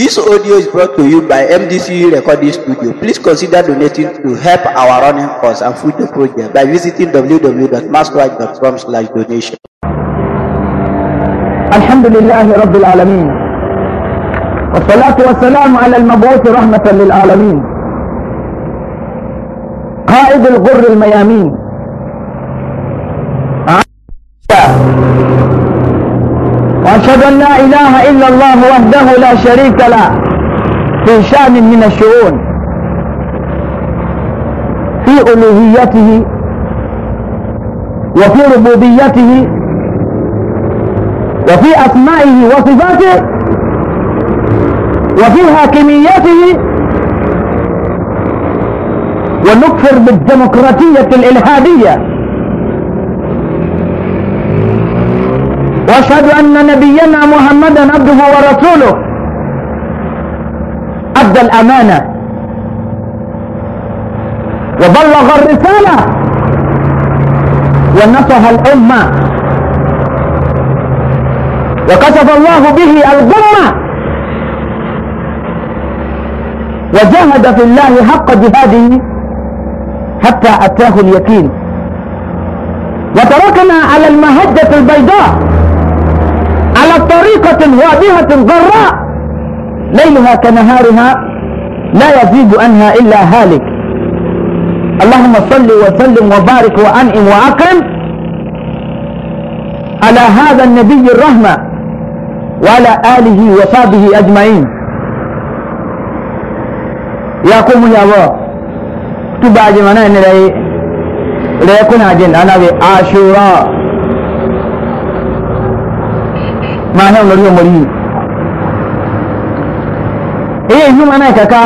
This audio is brought to you by MDC Recording Studio. Please consider donating to help our running costs and future project by visiting www.maskwatch.com slash donation. الحمد لله رب العالمين والصلاة والسلام على المبعوث رحمة للعالمين قائد الغر الميامين وأشهد أن لا إله إلا الله وحده لا شريك له في شأن من الشؤون في ألوهيته وفي ربوبيته وفي أسمائه وصفاته وفي حاكميته ونكفر بالديمقراطية الإلحادية وأشهد أن نبينا محمدا عبده ورسوله أدى الأمانة وبلغ الرسالة ونصح الأمة وكشف الله به الغمة وجاهد في الله حق جهاده حتى أتاه اليقين وتركنا على المهجة البيضاء على طريقة واضحة ضراء ليلها كنهارها لا يزيد عنها إلا هالك اللهم صل وسلم وبارك وأنعم وأكرم على هذا النبي الرحمة وعلى آله وصحبه أجمعين يا قوم يا الله تبع جمعنا إن لا يكون عجل أنا بعاشوراء ma hɛ mɔri yɛ mɔri yi eye yi ma na kaka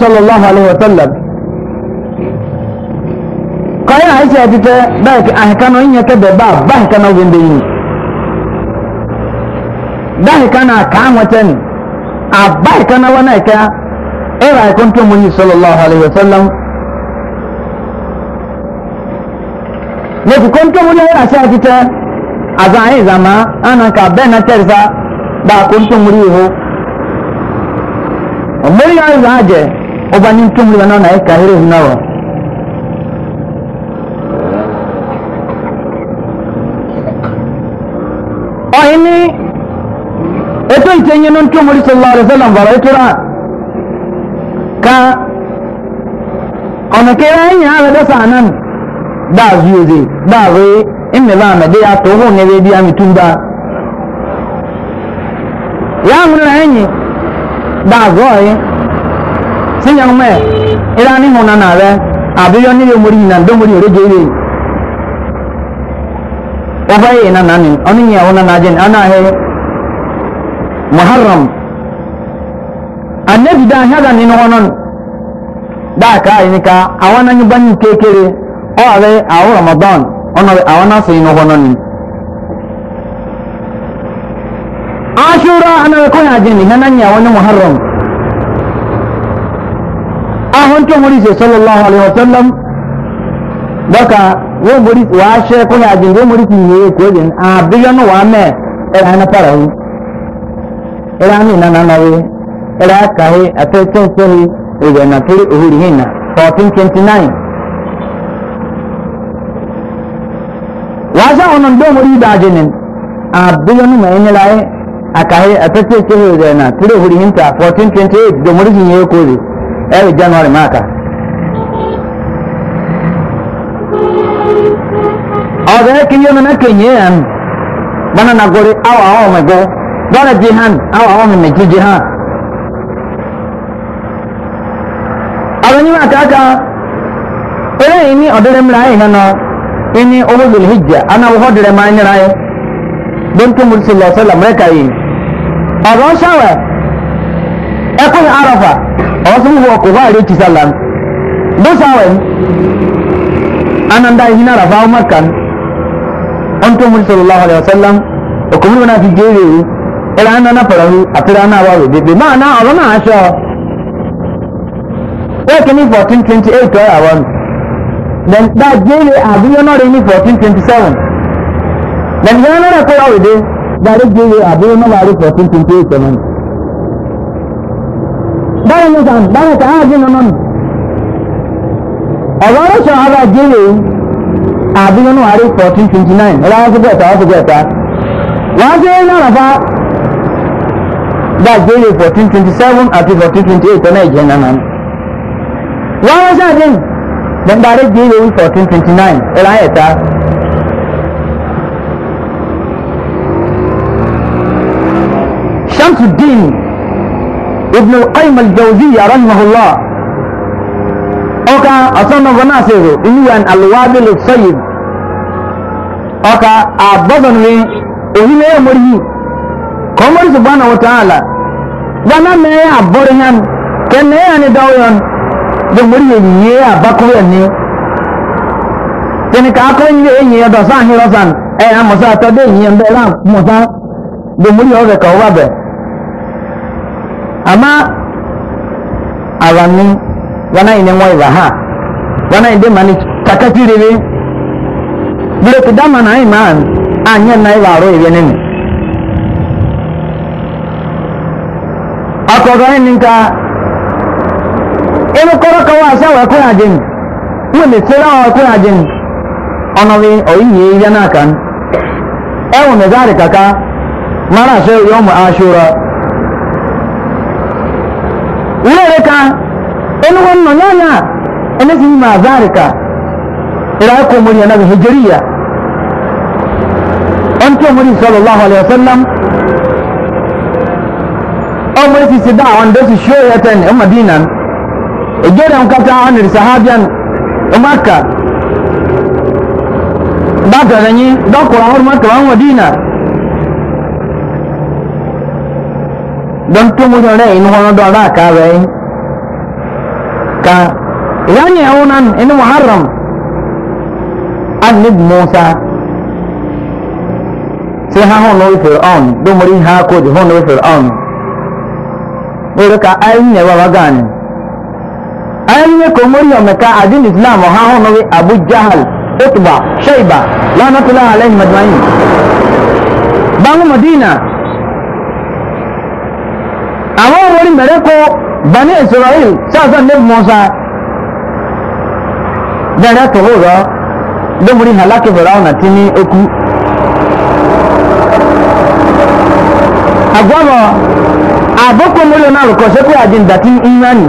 sallallahu alaihi wa sallam kɔyɛ a ɛsɛ ɛtitɛ bɛɛ ahika a nyɛ kɛ bɛɛ baa ba ahika no wɛn bɛ yi da ahika na kaa ŋɔtɛ ni a ba kana wana wɛ na ɛka ɛra ɛkɔ ntɔ sallallahu alaihi wa sallam. Lẹ́kùkọ́ ń tó wọlé ẹ̀rọ àṣà àti tẹ́. aza yi zama ana ka bɛn na tɛrisa ba ko n tumuri ho omori ya zan jɛ o ba ni tumuri ba na ye kahiri na wa ɔyi ni eto ite nyi no tumuri sallallahu alaihi wasallam bara etora ka ɔnakɛra yi nyɛ a bɛ dɛsɛ anan daa zuyoze daa zoye mmeba a ya to ho ne bebi ametumba ya ahụrụ na enyi da azọghị si nya ume ịra ni hụ na narị abịrịọ nile omori na ndị omori ere je ire ọba na nani ọnụ nye na najen anaghị muharram annabi da ahịa da ninu ọnụ da aka ka awa na kekere ahụ ramadan ọ̀nà àwọn náà sẹ́yìn náà wọ́n ní. ashura ana kọ́ ya jẹ́ nìyẹn náà yẹ wọ́n ní muharram. ahun tó múri ṣe sallallahu alayhi wa sallam bọ́kà wọ́n múri wàá ṣe kọ́ ya jẹ́ wọ́n múri tìyẹ kó jẹ́ àbíyọ́ náà wàá mẹ́ ẹ̀rọ ẹ̀rọ para yìí ẹ̀rọ àmì nana náà yìí ẹ̀rọ àkàyè àtẹ̀tẹ̀ sẹ́yìn ìrẹ̀nà kiri òhùrì hìnnà fourteen twenty nine. non do muri da jinin a biyanu mai ne lai a kai a tace ce ho da na tire huri hinta 1428 do muri ne ko eh january maka a da ke yi na kenye an bana na gore awa awa mai go bara jihan awa awa mai ji jihan a wani mata ka ere ni odorin lai na no ini owo bil hijja ana wo dire ma ni raye don to mursi la sallam re kai aba shawa e ko arafa o sun wo ko ba re ti sallam do shawa anan da hina rafa makkan on to mursi sallallahu alaihi wasallam o ko mun na fi jere ila ana na farahu atira na wa be be ma na aba na asha wa kini 1428 awan then that jele abiyonore ni fourteen twenty seven then yonore kora wede dari jele abiyonore fourteen twenty eight seven. báwo ni sàn báwo sàn áàjì nínú ni ọ̀rọ̀ ọ̀rọ̀sọ̀ ara jele abiyonore fourteen twenty nine ọ̀rọ̀ àwọn sọ̀rọ̀ ẹ̀ta wọ́n sọ̀rọ̀ ẹ̀ta wọ́n ṣe é yàrá fa that jele fourteen twenty seven àti fourteen twenty eight ọ̀nà ìjẹ́ nánà. wọ́n rẹ́ sáà dẹ́yìn. Then by the JAE 1429, Eliata. Shamsuddin Ibn Qayyim al-Jawziyya rahimahullah. Oka asana gona sezo iyan al-wabil al-sayyid. Oka abadan ni ohile mori. Ko mori subhanahu wa ta'ala. Wana me aborin kan ne ya ni dawoyan don muri ye ye abakuru ka ko ni enyi ya do ahi rosan e a musa to de ye musa don muri o ka wa be ama awani wana ine ngwa ha wana inde mani takati rebe bile na anya na nene ebe kọrọ kawa asa wa kwụrụ adị m ihe mesịrị awa kwụrụ adị m ọnọdụ oyiyi m e mara asọ yọọ mu aṣọra wúlẹ̀rẹ̀ ka ẹni wọn nọ nyanya ẹni sì yìí mazaari ka ìlà ẹkọ ya ẹ̀ nàbẹ̀ hijiriya ọ̀n tí ọmọdé sọlọ́láhu alayhi wa sallam ọmọdé ti si dá àwọn ejodan kata anir sahabian makka bata zanyi dokura hor makka wa madina don tumu da rai in hono don da ka bai ka yani aunan in muharram annib musa sai ha hono fir'aun do muri ha ko hono fir'aun ko ka ayin ne wa gani ayanyiwe ko mori ọmọka adin islam ọha hàn wí abu jahal otuba shaiba lanatula alayhi madumayi bangu madina àwọn omori mẹrẹ ko bani israel sasa ne musa bẹrẹ tọwọ rọ lomori halaki bẹrẹ ọ̀nà tí ní eku agbọmọ àbókò mori ọ̀nà àrùkọ sẹ́kù àjìǹdà tí ń yánni.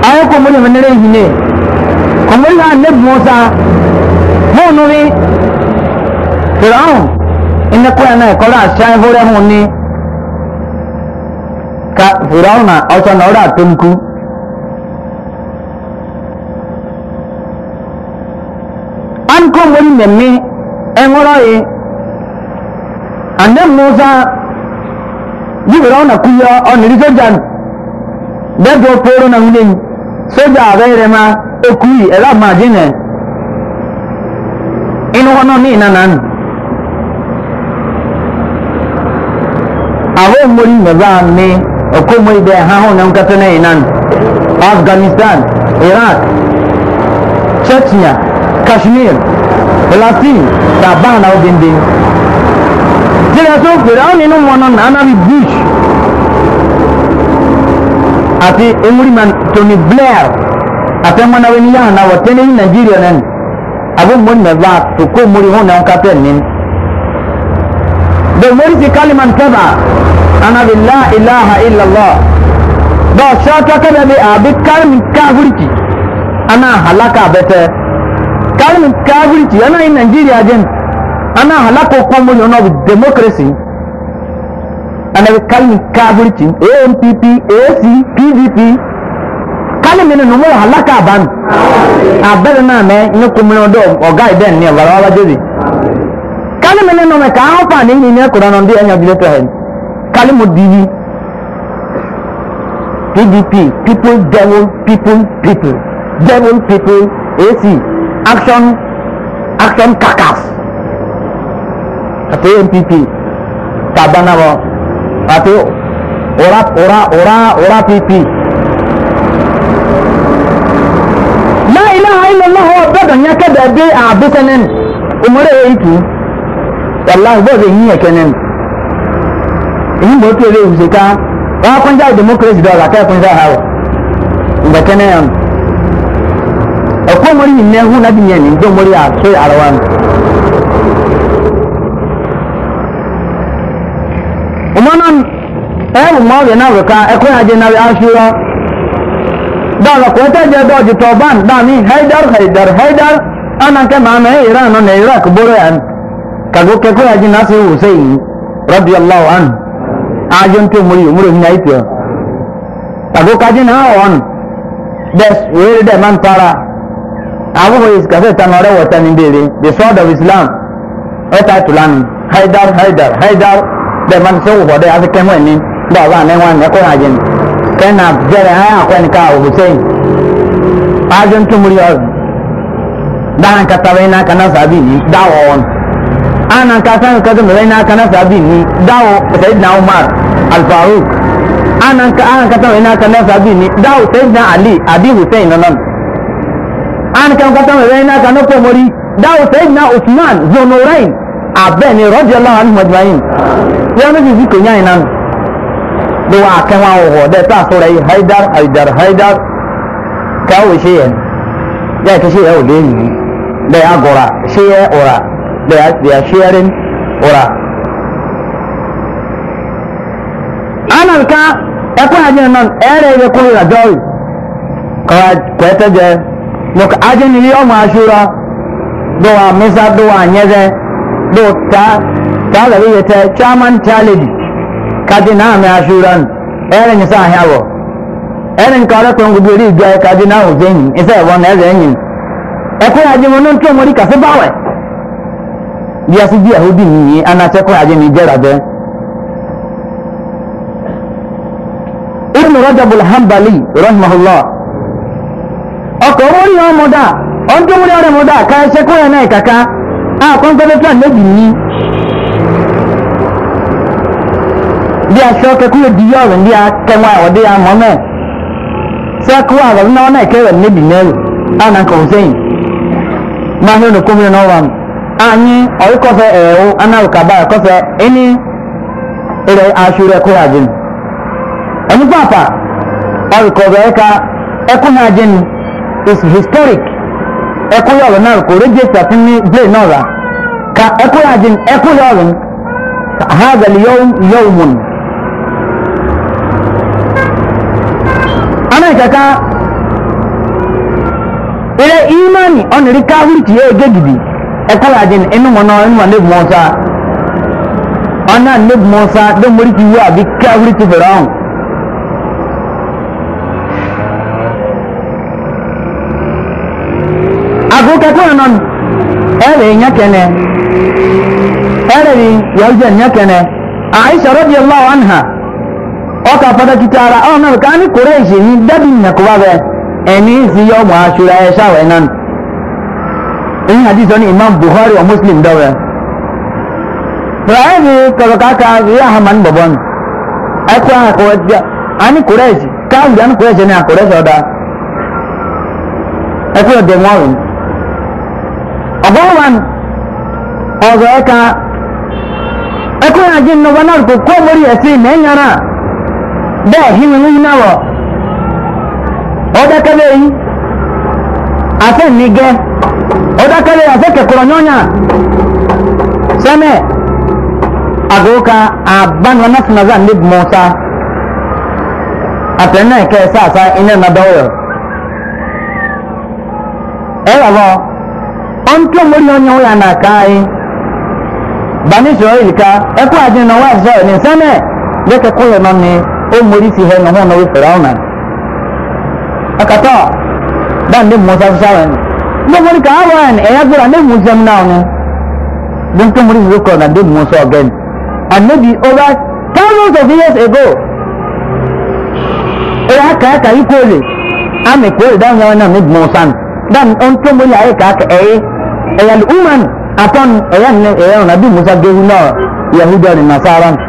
ayo ko muri manere hine ne musa mo no wi firaun inna ko na ko la sha ho re ni ka firaun na o so na ora tunku an ko muri ne mi engoro yi e. ande musa ji na kuyo ni na soja abɛɛrɛma ekui ɛla madinɛ inu hɔ no ne nanan awo mori mɛbaa ne ɔkɔ mori bɛ ha ho ne nkata ne inan afghanistan iraq chechnya kashmir palestine ta baa na obinbin jira so fere awo ninu mɔ no na anabi bush emuri ewúrìmánì Tony Blair afẹ́mọ́nà wẹ́n ní yàrá wọ́n tẹ́lẹ̀ ní abu náà ni abúmọ̀ ní ẹ̀fà tòkó mórí hún náà kápẹ́ ní. The very thing Kaliman Kaba anabi la ilaha illallah dɔw sɔɔtɔ kɛlɛ bi a bi kalimi kaafiriki ana halaka bɛtɛ kalimi kaafiriki ana ye Nàìjíríà jɛn ana halaka kɔnmu yɔn bi democracy anabi kalimi kaafiriki ANPP AC PDP hali mi ni numu wa halaka abanu abẹ́rẹ́ náà mẹ́ ní kúmínú ọdọ ọ̀gá ìdẹ́ ní ọ̀gá wa jẹ́bi kálí mi ni numu ká àwọn pa ní ìní ẹ̀kọ́ náà bí ẹ̀yàn bílẹ̀ tẹ̀hẹ̀ kálí mu dìbí pdp people devil people people devil people ac action action kakas àti npp tàbánabọ àti ọ̀rá ọ̀rá ọ̀rá ọ̀rá pp. ilaha illallah wa bẹ́ẹ̀ yẹn kẹ́dẹ̀ dé àbí kẹ́nẹ́nì òmùrẹ́ èyí kì í wàláhì bọ́ọ̀dù yi yẹn kẹ́nẹ́nì èyí bò ó kí eré òṣè na wọn akọ́njá democracy da kẹ́ẹ̀kún sá kun wọ̀ ǹgbẹ́ kẹ́nẹ́ yẹn ẹ̀kọ́ mọ́rí yìí nẹ́hún na bí yẹn ní ìjọ mọ́rí àṣọ àrọwà mi. ọmọ náà ẹ̀ wù mọ́ ọ̀rẹ́ dala kota je doji toban dani haidar haidar haidar ana ke ma me iran no ne irak boran kago ke ko aji nasi husain radiyallahu an ajon to muri umuru ni aitio kago kaji na on des where the man para abu ho is kafe tanore wata ni bere the sword of islam eta tulani haidar haidar haidar the man so for the as kemo ni da wa ne wan ne ko ajin kana jere ha ya kwani ka hussein pajin tumuri o dan ka tabai na kana sabi ni dawo on ana ah, ka san ka dum na kana sabi ni dawo na umar al faruq ana ka ana ka tabai na kana sabi ni dawo na ali abi hussein nan ana ka ka tabai na kana ko mori dawo sayyidina usman zonurain abeni radiyallahu anhu majma'in ya nabi zikon yayin nan duwa kan wa ho da ta so rai haidar haidar haidar ka wo shi yen ya ka shi ya wo leni da ya gora shi ya ora da ya ya sharing ora anan ka e ko ajin non ere ye ko ra joy ka kwete je mo ka ajin ni o ma shura duwa misa duwa nyeze do ta ta ga yete chairman challenge kaji na ame ashuran ere nyisa ahiawo wo ere nka ore ko ngubi ri gbe kaji na wo zenyin ise wo na ere enyin e ko aje mo no nto mori kase bawe bi asi bi ahudi ni ana che ko aje ni jera be ibn rajab al hanbali rahimahullah ọkọ̀ orí ọmọdá ọdún orí ọmọdá ká ẹṣẹ́ kó ẹ̀ náà kàkà á kọ́ńtẹ́lẹ́tà lẹ́bìí ní bí aṣọ kẹkọọ di a ọrùn bí akẹwà ọdẹ àmọ náà sẹkọọ àwọn náà náà kẹwà níbi mẹrù àná kàn sẹyìn máa hẹ ọdún kọmíọ náà wà mí. anyi ọyí kọfẹ ẹwọ anáwùkàbá kọfẹ ẹni ẹrẹ aṣọrẹ kọrọ àjẹm ẹni pàpà ọyí kọfẹ ẹka ẹkọ náà jẹnu is historic ka ẹkọ yọ àjẹm ọrụ ha ẹ̀ kẹ̀kẹ́ ilé imani ọ̀nìrí káwírì tìyẹ́ ẹ̀gẹ́ gidi ẹ̀kọ́ yà jẹ́ inú mọ̀nà inú mọ̀nà ẹ̀bùn ọ̀sá ọ̀nà ẹ̀bùn ọ̀sá lẹ́mọ̀rí ti wú àbí káwírì ti fẹ̀rẹ̀ ọ̀hún. àgọ́ kẹ̀kọ́ ọ̀nà ẹ̀rẹ̀ ìyànkẹ́nẹ́ ẹ̀rẹ̀ ìyàwó jẹ́ ìyànkẹ́nẹ́ àìsàn rọ́bì ọlọ́wọ́ àná ọkà pàtàkì tí ara ọ̀nà ká ní kórè ìṣèyí dábì ìyànkúbá bẹ ẹni sí yọmọ aṣọra ẹ ṣàwẹ̀ náà èyí àdìsọ ní imam buhari wa muslim dọwẹ fúláyẹ̀dì kọ̀rọ̀kàkà ìyá hamani bọ̀bọ̀ ni ẹkọ àkọwẹ́ tí a ní kórè ìṣì káàbù àní kórè ìṣẹ́ ní àkórè ìṣẹ́ ọ̀dà ẹkọ ọ̀dẹ̀ mọ́rin ọ̀bọ̀n wa ọ̀rọ̀ ẹ̀ka ẹkọ àjẹ́ nnọba náà kò kó mórí ẹ̀sìn mẹ́nyàrá bẹ́ẹ̀ hí wíwí náà wọ̀ ọ̀dàkẹ́lẹ́ yìí àfẹ́ mi gẹ́ ọ̀dàkẹ́lẹ́ àfẹ́ kẹ̀kọ́rọ̀ nyọ́nyà sẹ́mẹ̀ àgọ́ka àbánu anáfínàzà ní àtẹ̀nà ẹ̀kẹ́ sáàsá iná nàdọ́wọ̀ ẹ̀rọ lọ ọ̀ntú mórí ọ̀nyẹ́ wọ́n nà káyé bani sọ̀rọ̀ ìlìkà ẹ̀kọ́ àjẹ́ náà wà sọ̀rọ̀ ní sẹ́mẹ̀ lẹ́kẹ̀kọ́ yẹn náà o mori fi hɛ na ho na o fira ɔna akata dan ne musa sara ni ne mori ka awa yɛn ɛya gbera ne musa mu naa ni don to mori fi kɔ na ne musa ɔgɛn and maybe over thousands of years ago ɛya kaya ka yi koole ami koole dan yɛn na ne musa ni dan on to mori ayɛ kaya ka ɛye ɛya li uman atɔn ɛya ne ɛya na bi musa gehu na yahudu ni nasara ni.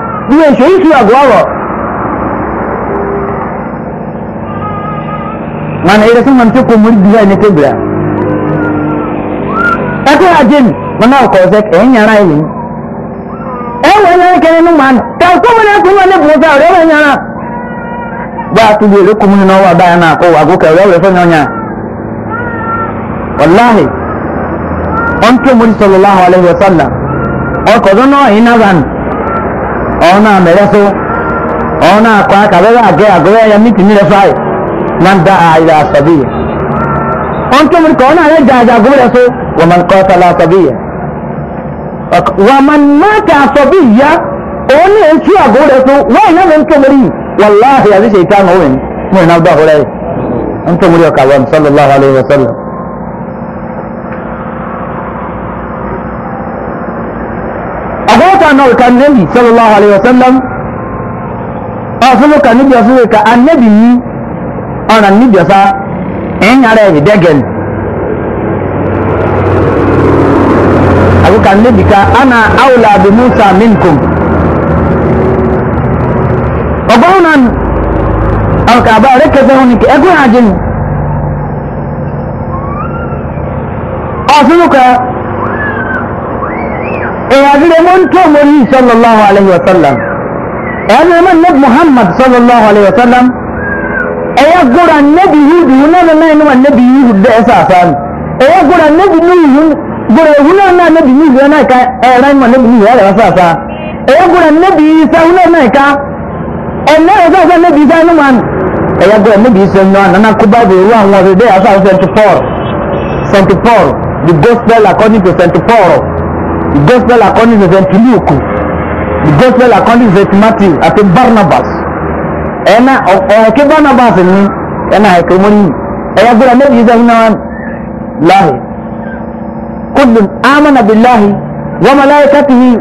你也学习要过我。mana ira sun manta ko muri biya ne kebra ati ajin mana ko zek en yara ni e wona ke ni man ta ko mana ko wona bo ta re wona yara ba tu le ko mun no wa ba na ko wa go ka re fo nyonya wallahi on ke mun sallallahu alaihi wasallam o ko do no ina ban ọ̀nà àmẹ́rẹ́sọ ọ̀nà àkọ́ àkàbẹ́rẹ́ àgẹ́ àgọ́rẹ́ ẹ̀yà ní tìmílẹ̀ fáì máa ń dá àìlà àṣàbí yẹn. wọ́n tún mú kọ́ ọ̀nà àrẹ́ jàjà àgọ́rẹ́ sọ wọ́n máa ń kọ́ ọ̀tàlà àṣàbí yẹn. wọ́n máa ń náàkà àṣàbí yá òun ní èsì àgọ́rẹ́ sọ wọ́n ìyá mi ń tó mọ́rí wàláhì àti ṣèkà àwọn òun ní ìnáwó ata anɔri ka nebi sallallahu alayhi wa sallam ɔsoro ka nebi ɔsoro ka anabi yi ɔna nebi ɔsa ɛnyara ɛyi dɛgɛn agoka nebi ka ana awla bi musa minkum ɔgbɔn nan ɔka aba ɔre kɛse ho nike ɛgu hajin ɔsoro ka àdúrà mọ́ ń tó mọ́rí sallallahu alayhi wa sallam ẹ̀yà mọ́ ní muhammad sallallahu alayhi wa sallam ẹ̀yà gbọ́ra nẹ́bi yíyù náà náà ní wà nẹ́bi yíyù dẹ́ ẹ̀sà àfáàn ẹ̀yà gbọ́ra nẹ́bi yíyù gbọ́ra ìwú náà náà nẹ́bi yíyù náà ká ẹ̀rọ ní wà nẹ́bi yíyù ẹ̀rọ ẹ̀sà àfá ẹ̀yà gbọ́ra nẹ́bi yíyù náà ká ẹ̀nà ẹ̀sà àfá nẹ́bi yíyù náà ẹ̀yà gbọ́ra nẹ́bi yíyù náà nana kó báyìí ìwú àwọn ọ̀rẹ́dẹ́ àfá seventy four seventy four the gospel according to seventy four. The gospel according to St. Luke. The gospel according to St. Matthew àti Barnabas. Ẹ̀na ọ̀kẹ́ Barnabas ni ẹ̀na ẹ̀kẹ́ mọ́ ní ẹ̀yà gbọ́dọ̀ méjì yìí sẹ́yìn náà láàyè. Kúndùn ámàna bìláhi wọ́n mọ̀ láyé kátìhì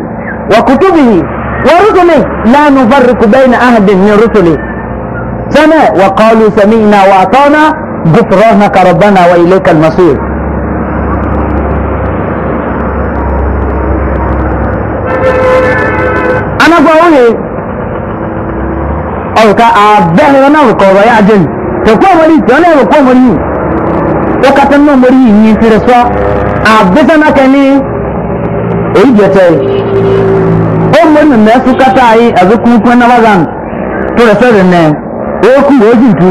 wọ́n kùtù bìhì wọ́n rúkúmi láàánú fárikù bẹ́ẹ̀ ní ahàdì ní rúkúlì. Sẹ́nẹ̀ wọ́n kọ́ lu sẹ́mi ìnáwó àtọ́nà gùfúrọ́ na kàrọ̀bánà wa ilé kalmasúrù. agwa onye ọrụka abẹ́rẹ́ náà rụkọ ọ̀rọ̀ ya jẹ́ tẹ̀kọ́ ọmọdé tí wọ́n lẹ́rọ kọ́ ọmọdé yìí ó kàtà náà mọ́rí yìí yìí fẹ́rẹ̀ sọ àbẹ́sẹ̀ náà kẹ́ ní èyí jẹ́tẹ̀ ó mọ́rí mẹ́fù kàtà yìí àbẹ́kùnkùn náà wàzàn tó rẹ̀ sẹ́rẹ̀ náà ó kú wọ́ọ́jì tù.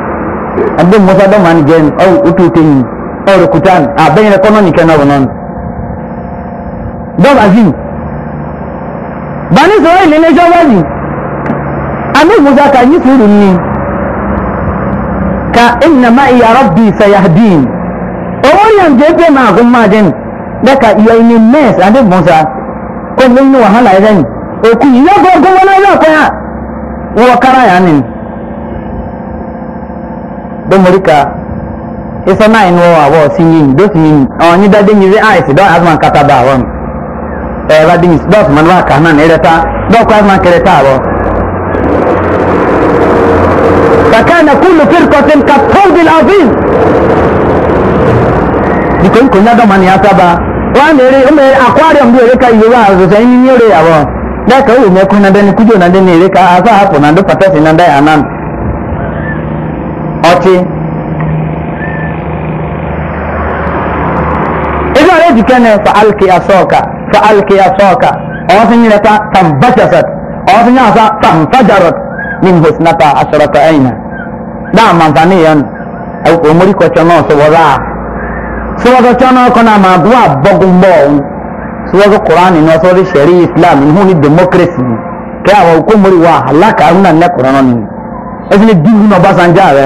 ande musa do man gen au utu tin au rukutan a bayin ko non ikena wonon do azin bani so ile ne jo wazi ande musa ka yi suru ni ka inna ma ya rabbi sayahdin o wori am je pe ma ko ma den da ka iya ni mes ande musa ko mun wahala idan o ku ya go go wala ya ko ya wa kara ya ni domorika isa na inu awo si yin si yi dade yi ai si do azman kata ba awon e ba din do man na ne reta do ko azman kere ta awo فكان كل فرقة كالثوب العظيم dikon ko nyado man ya saba wa mere o mere aquarium bi ere ka yiwa zo sai ni yore yawo da ka ati ina re jike ne fa alki asoka fa alki asoka awon sun yina ta tambashasat awon sun yasa tamfajarat min husnata asharata aina da manfani yan au omori ko chono so wala so wala chono ko na ma duwa bogun bo so wala qur'ani no so ri shari islam in huni democracy ke awon ko mori wa halaka una ne qur'ani ni ezini dinu no basanja re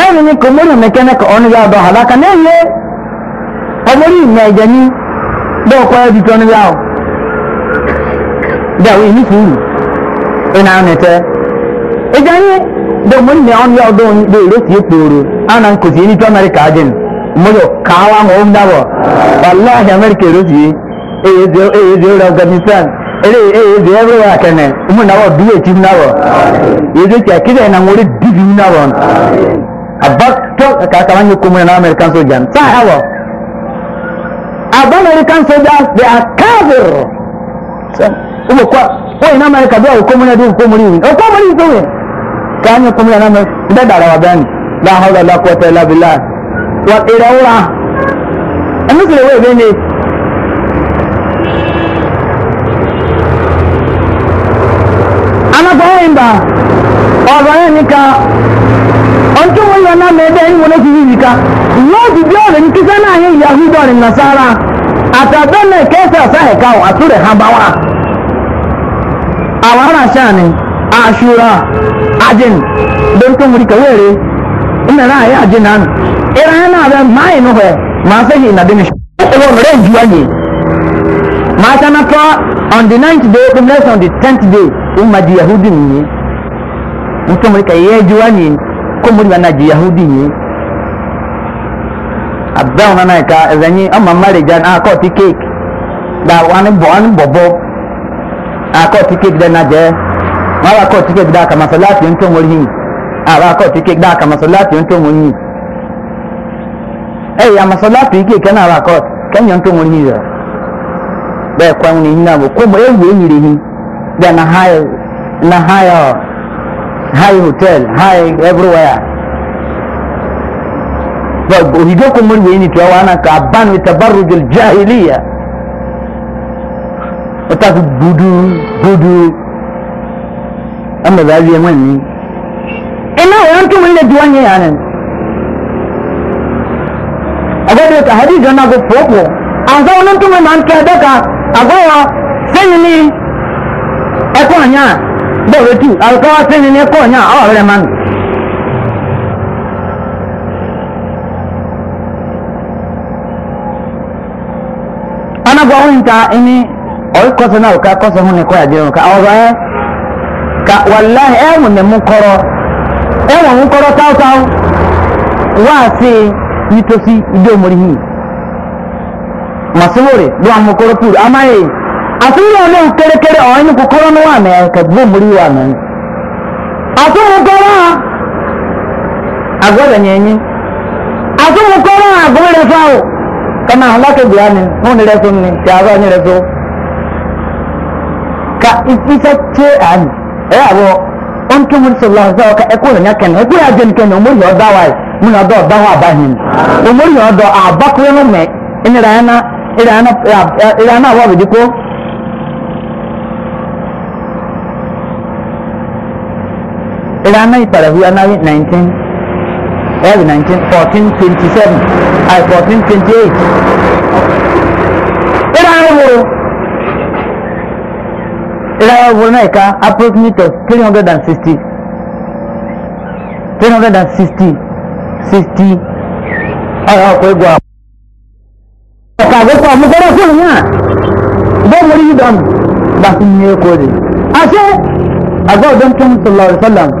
ẹ̀rù ni kò mórí mẹ́kẹ́nẹ́ kọ̀ ọ́nà yàdọ̀ àdáka náà yẹ ọmọrí ìmọ̀ ẹ̀jẹ̀ ní dọ́ọ̀kọ́ ẹ̀dì tó ní yàwó dàwí ní sùúrù ìnà ànẹ̀tẹ́ ẹ̀jẹ̀ ní dọ́ọ̀mọ́rí ni ọ̀nà yàdọ̀ ní ìrètí èpòrò àná kò sí ní tó amẹ́ríkà ajẹ́ ní mọ́jọ káwá àwọn ohun dábọ̀ wàláhì amẹ́ríkà ìrètí èyí èdè ọ̀rọ̀ afghanistan èyí èdè ọ̀rọ̀ akẹ́nẹ̀ ọmọ náà wọ̀ dúró ètí náà wọ̀ èdè abak tun kakaman yi kuma na american soldiers sa hawa american soldiers they are kafir umu kwa wai na america biya hukumu na duk hukumu ne hukumu ne to ne ta hanyar hukumu na america da da rawa bani la hawla la quwwata illa billah wa qirawra annu sile wai bene ana ba yin ba ọ̀rọ̀ yẹn ni ka ọjọ́ wọn yọ náà mẹ́ẹ̀dẹ́ yín wọlé fífi yìí ká lọ́ọ̀dù bí ọ̀rẹ́ ní kíkẹ́ náà yẹ yahudu ọ̀rẹ́ nasara àtàbẹ́lẹ̀ kẹsẹ̀ àsáhẹ̀ká ọ̀ àtúrẹ̀ habawa àwọn ará sàánì àṣùrà àjìn dọ́ńtò múri kẹwéèrè ìnana àyè àjìn náà ìrànà náà bẹ máa yìí nìhọ̀ ẹ̀ máa sẹ́yìn ìnàdínì ṣùgbọ́n ọ̀rẹ́ ìjú ayé máa sẹ́nà tọ́ on the ninth day the next on the tenth day ó máa di yahudi nìyí dọ́ńtò múri kẹyẹ ìjú ayé nìyí. ko muri ji yahudi ye abdul nana ka ezanyi ama mari jan a ko ti cake da wani bo wani bobo a ko ti cake da naje ma ba ko ti cake da kama salati yin tun wuri a ba ko ti cake da kama salati yin tun wuri eh ya masalati ke kana ba ko kan yan tun wuri da ba kwa ni na ko mo e wo ni ri da na haya na haya high hotel high everywhere but hidoku muri weyini tuwa wana ka abanu tabarruj aljahiliya otatu budu budu amma zabi yan wani ina yan tu mun da duwan yanan agade ka hadisi na go popo an ga wannan tu mun man ka daga agowa sai ni bọ́ọ̀lù tì àlùkọ́wá sí ni ní ẹ̀kọ́ ní àwọn ọ̀rẹ́ anagba ohun ta ẹni ọ̀rẹ́ kọ́sọ̀ náà ká kọ́sọ̀ hún ni kọ́ àjẹ́ òun ọ̀rọ̀ ẹ̀ ká wàláhì ẹ̀wọ̀n ní mú kọ́rọ̀ ẹ̀wọ̀n mú kọ́rọ̀ wá sí nítòsí kọ́rọ̀ amáyé. asiri na kẹrẹkẹrẹ ọ̀hún ní kòkòrò ní wà mẹ́rin kẹ̀bùn múrí wà mẹ́rin àtúnkọ́rọ́ àgọ́dọ̀ nyẹ̀nyẹ́ àtúnkọ́rọ́ àgọ́rẹ́ fáwọ̀ kama àwọn lákẹ́gbẹ̀ẹ́ ni wọ́n ní rẹ́sọ́ na a rọ́ ní ka iṣẹ́ tí a ní ẹ̀ anyị ó ń túmọ̀ sọ lọ́wọ́ sọ́wọ́ ka ẹkú ìrìnyà kẹ́ni ẹkú ìrìnyà jẹ́ nìkẹ́ni ọmọ yìí na wa mú ní wa ni ìlànà ìpàdàbí anáwí 19 ẹ̀rì 19 1427 àì 1428 ìlànà ìwòrò ìlànà ìwòrò náà ìka approximate of 360 360 60 ọ̀rọ̀ ọ̀pọ̀ egbò àwọn ọ̀pọ̀ àgbẹ̀kọ̀ àmúgbọ́dọ̀ fún ìyá bẹ́ẹ̀ mo rí yí dánù bá fi ní ẹ̀kọ́ rẹ̀ àṣẹ àgbà ọ̀dọ́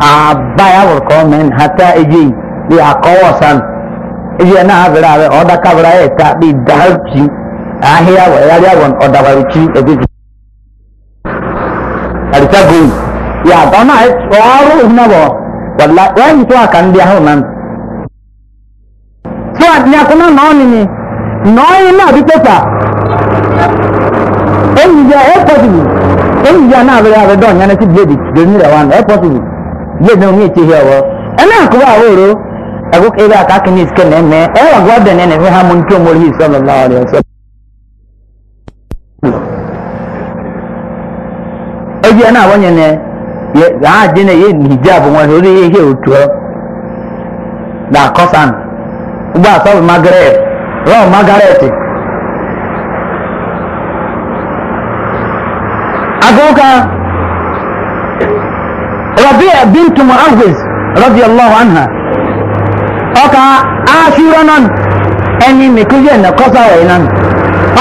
abaya wurko men hata eji bi akowa san eji na abira abe oda kabira e ta bi dalci ahia wa yari awon oda warici ebi alita go ya dona e tsoro ina bo walla wani to akan bi ha nan so adnya kuna noni ni noni na bi pesa enyi ya e possible enyi ya na abira abe don yana ti blade ni rewan e possible gbẹdẹ omi ètò ìhẹ e ẹnna àkọwé a àkókò ebe àkàkì ní ìsìkẹ nẹẹmẹ ẹ wà gbọdọ nẹẹmẹ fi hàn mú ní tó mọlẹ yìí sọlọ lọwọ rẹ sọ. ojú ẹ náà wọ́n yẹn nẹ hijab ihe òtù ọ na kọ́sán ربيع بنت معوز رضي الله عنها أكا عاشرنا أني مكوزين قصة وإنان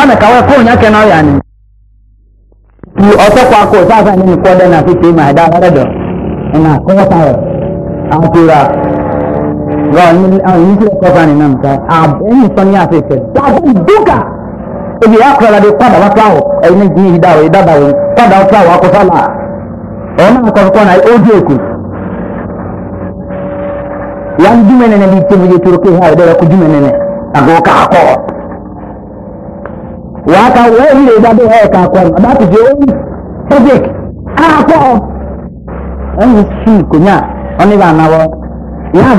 أنا كوا na يكن يعني ni ọtọkwa kò sáfà nínú kọdẹ náà fi fi máa dá ọlọdọ ẹnà kọfà rẹ àkùrà rọ ẹyìn tí ebi de fáwọ ní fáwọ ọ̀nà àkọ́kọ́ na ojú èkó ya ń a nẹ́nẹ́ bíi tẹ́mu yẹ tóró kéwàá ẹ̀dẹ́ ẹ̀kọ́ dúmẹ̀ nẹ́nẹ́ àgọ́ kakọ́ wà á ka wọ́n yìí lè dábẹ́ ẹ̀ kakọ́ ẹ̀ bá tètè ó yìí public kakọ́ ẹ̀yìn sí kònyà ọ̀nà ìbá náwọ́ ọba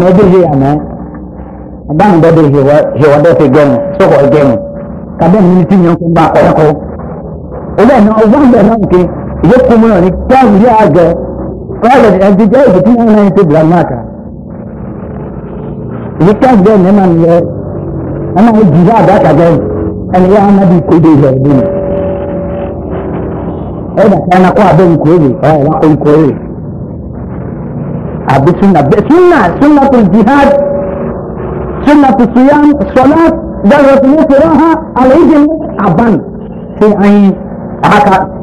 mẹ́ ẹ̀dẹ́ يقوم يعني كان يعجى قال عندي جاي بتي انا يسيب لماك يكاد جاي نما انا الجزاء ذاك جاي انا يا عمدي كودي جايبين انا كان اقوى بين كودي اه لا كل كودي ابي سنة سنة سنة الجهاد سنة الصيام الصلاة درجة القراءة على يجي ابان في اي هكذا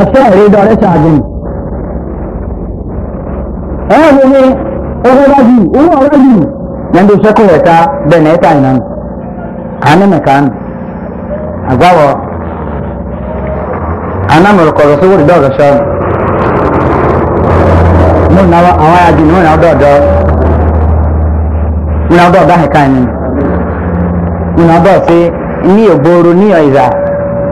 ọ̀tọ́ ìrẹ́dọ̀ rẹ̀ ṣàjẹun ẹ̀rọ ni owó rájì owó rájì ọrụ sẹ́kọ̀ ẹ̀ta bẹ̀rẹ̀ ẹ̀ta ìnáwó àánú mẹ̀kánù àgbáwọ̀ anámọ̀rọ̀kọ̀rọ̀ sówó rí na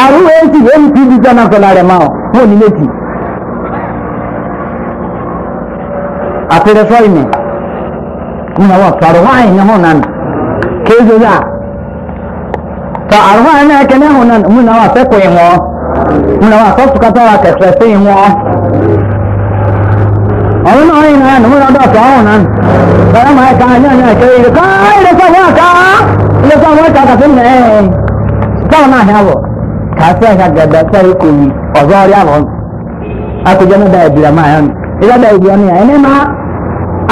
àwọn èsì èyí tí ibi sọ́nà sọ́nà rẹ̀ máa wọ́n ní méjì àpẹẹrẹ sọ ìmẹ̀ nínú àwọn ọ̀pọ̀rọ̀ wáyé ní hàn náà kéèzó yá tọ àrùn wáyé náà kẹ́ ní hàn náà mú náà àfẹ́kọ̀ọ́ ìwọ̀n mú náà àfẹ́kọ̀ọ́ tọ́wọ́ kẹsẹ̀ sí ìwọ̀n ọ̀run náà yìí náà mú náà dọ̀tọ̀ ọ̀hún náà bẹ̀rẹ̀ máa ẹ̀ka ní ọ̀nà ìkẹyẹ ìrẹ̀kọ́ ìrẹ̀kọ́ wọn kà kàáfíà ìṣàgbàgbà sẹ́yìn kò yí ọ̀zọ́ ọ̀rí àwọn akójọ náà dáa ìbìrà máa yánu na dáa ìbìrà ni ẹ̀ẹ́nẹ́ máa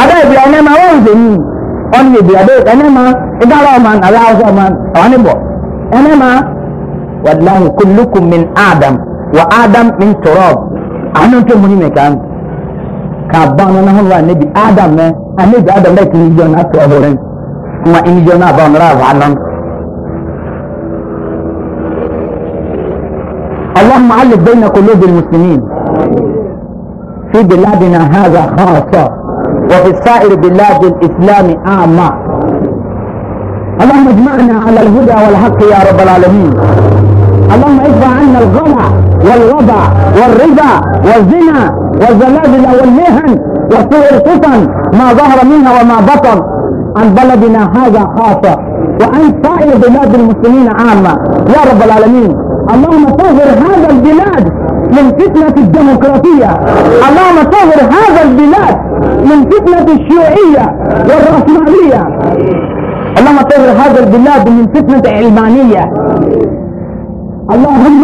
na ìbìrà ẹ̀ẹ́nẹ́ máa wọ́n ṣe yìí wọ́n ní ìbìrà dé máa ìdára na nàlá ọ̀ṣọ́ ọ̀ma máa wàdìláhùn wà àwọn tó mú ní bá wọn náà wà níbi mẹ́ àníbi bẹ́ẹ̀ kì í náà اللهم علق بين قلوب المسلمين في بلادنا هذا خاصة وفي سائر بلاد الإسلام عامة اللهم اجمعنا على الهدى والحق يا رب العالمين اللهم اجمع عنا الغلا والربع والربا والزنا والزلازل والمهن وسوء الفتن ما ظهر منها وما بطن عن بلدنا هذا خاصة وعن سائر بلاد المسلمين عامة يا رب العالمين اللهم طهر هذا البلاد من فتنة الديمقراطية اللهم طهر هذا البلاد من فتنة الشيوعية والرأسمالية اللهم طهر هذا البلاد من فتنة علمانية اللهم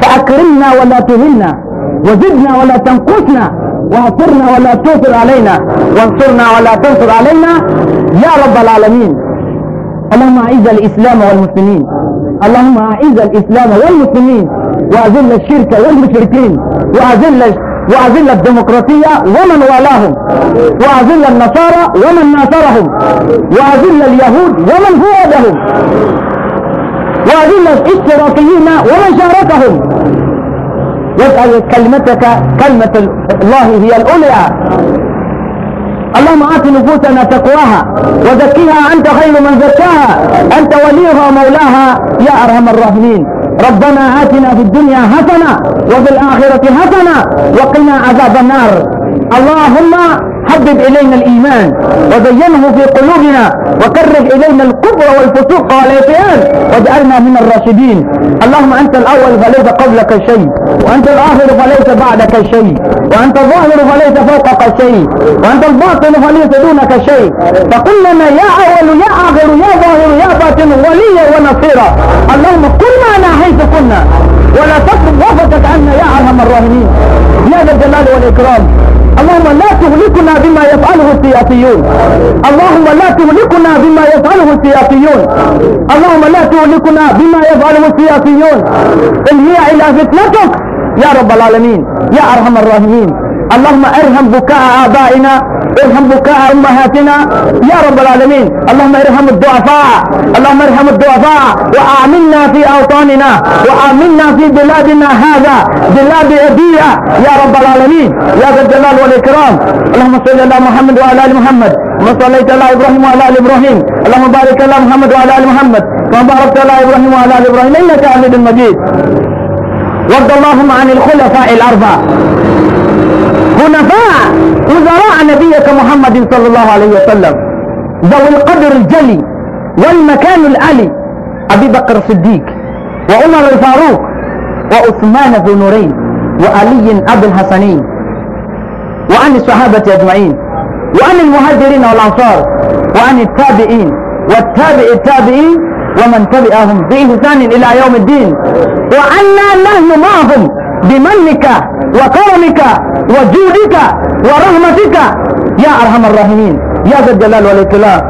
فأكرمنا ولا تهنا وزدنا ولا تنقصنا وانصرنا ولا تؤثر علينا وانصرنا ولا تنصر علينا يا رب العالمين اللهم اعز الاسلام والمسلمين اللهم أعز الإسلام والمسلمين وأذل الشرك والمشركين وأذل وأذل الديمقراطية ومن والاهم وأذل النصارى ومن ناصرهم وأذل اليهود ومن فوادهم وأذل الاشتراكيين ومن شاركهم واجعل كلمتك كلمة الله هي الأولى اللهم آت نفوسنا تقواها وزكيها أنت خير من زكاها أنت وليها ومولاها يا أرحم الراحمين ربنا آتنا في الدنيا حسنة وفي الآخرة حسنة وقنا عذاب النار اللهم حبب إلينا الإيمان وزينه في قلوبنا وكرر إلينا الكفر والفسوق والعصيان واجعلنا من الراشدين اللهم أنت الأول فليس قبلك شيء وأنت الآخر فليس بعدك شيء وأنت الظاهر فليس فوقك شيء وأنت الباطن فليس دونك شيء فقل لنا يا أول يا آخر يا ظاهر يا باطن وليا ونصيرا اللهم كل ما حيث كنا ولا تصرف وفتك عنا يا أرحم الراحمين يا ذا الجلال والإكرام اللهم لا تهلكنا بما يفعله السياسيون اللهم لا تهلكنا بما يفعله السياسيون اللهم لا تهلكنا بما يفعله السياسيون هي الى فتنتك يا رب العالمين يا ارحم الراحمين اللهم ارحم بكاء آبائنا ارحم بكاء أمهاتنا يا رب العالمين اللهم ارحم الضعفاء اللهم ارحم الضعفاء وآمنا في أوطاننا وآمنا في بلادنا هذا بلاد أبيئة يا رب العالمين يا ذا الجلال والإكرام اللهم صل على محمد وعلى آل محمد ما صليت على إبراهيم وعلى آل إبراهيم اللهم بارك على محمد وعلى آل محمد كما باركت على إبراهيم وعلى آل إبراهيم إنك حميد مجيد وارض اللهم عن الخلفاء الأربعة حنفاء وزراء نبيك محمد صلى الله عليه وسلم ذوي القدر الجلي والمكان الالي ابي بكر الصديق وعمر الفاروق وعثمان ذو نورين وعلي ابو الحسنين وعن الصحابه اجمعين وعن المهاجرين والانصار وعن التابعين والتابع التابعين ومن تبعهم باحسان الى يوم الدين وعنا نحن معهم بمنك وكرمك وجودك ورحمتك يا أرحم الراحمين يا ذا الجلال والإكرام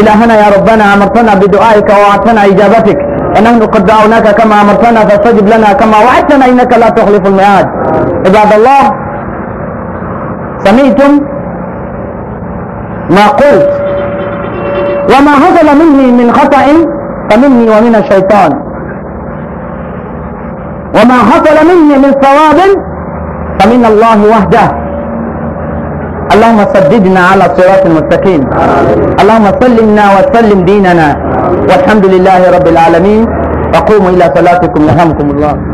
إلهنا يا ربنا أمرتنا بدعائك ووعدتنا إجابتك ونحن قد دعوناك كما أمرتنا فاستجب لنا كما وعدتنا إنك لا تخلف الميعاد عباد الله سمعتم ما قلت وما حصل مني من خطأ فمني ومن الشيطان وما حصل مني من صواب فمن الله وحده اللهم سددنا على صراط المستقيم اللهم سلمنا وسلم ديننا والحمد لله رب العالمين وقوموا إلى صلاتكم يرحمكم الله